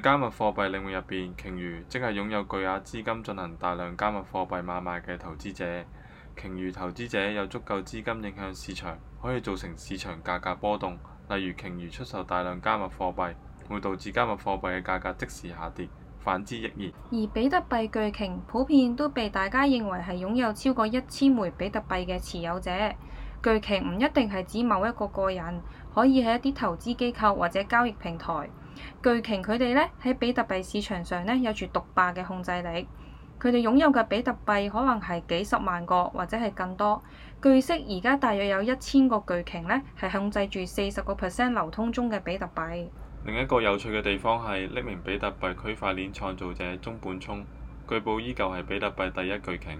加密貨幣領域入邊，鯨魚即係擁有巨額資金進行大量加密貨幣買賣嘅投資者。鯨魚投資者有足夠資金影響市場，可以造成市場價格波動。例如，鯨魚出售大量加密貨幣，會導致加密貨幣嘅價格即時下跌；反之亦然。而比特幣巨鯨普遍都被大家認為係擁有超過一千枚比特幣嘅持有者。巨鯨唔一定係指某一個個人，可以係一啲投資機構或者交易平台。巨鯨佢哋呢，喺比特幣市場上呢，有住獨霸嘅控制力，佢哋擁有嘅比特幣可能係幾十萬個或者係更多。據悉，而家大約有一千個巨鯨呢，係控制住四十個 percent 流通中嘅比特幣。另一個有趣嘅地方係匿名比特幣區塊鏈創造者中本聰，據報依舊係比特幣第一巨鯨。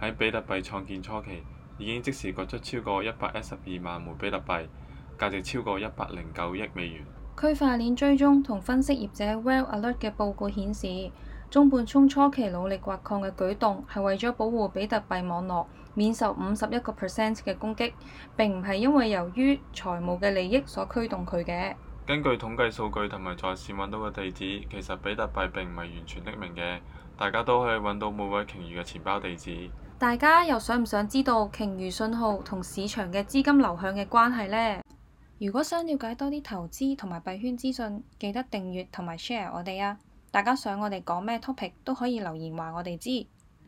喺比特幣創建初期，已經即時割出超過一百一十二萬枚比特幣，價值超過一百零九億美元。區塊鏈追蹤同分析業者 Whale Alert 嘅報告顯示，中本聰初期努力挖礦嘅舉動係為咗保護比特幣網絡免受五十一個 percent 嘅攻擊，並唔係因為由於財務嘅利益所驅動佢嘅。根據統計數據同埋在線揾到嘅地址，其實比特幣並唔係完全匿名嘅，大家都可以揾到每位鯨魚嘅錢包地址。大家又想唔想知道鯨魚信號同市場嘅資金流向嘅關係呢？如果想了解多啲投資同埋幣圈資訊，記得訂閱同埋 share 我哋啊！大家想我哋講咩 topic 都可以留言話我哋知。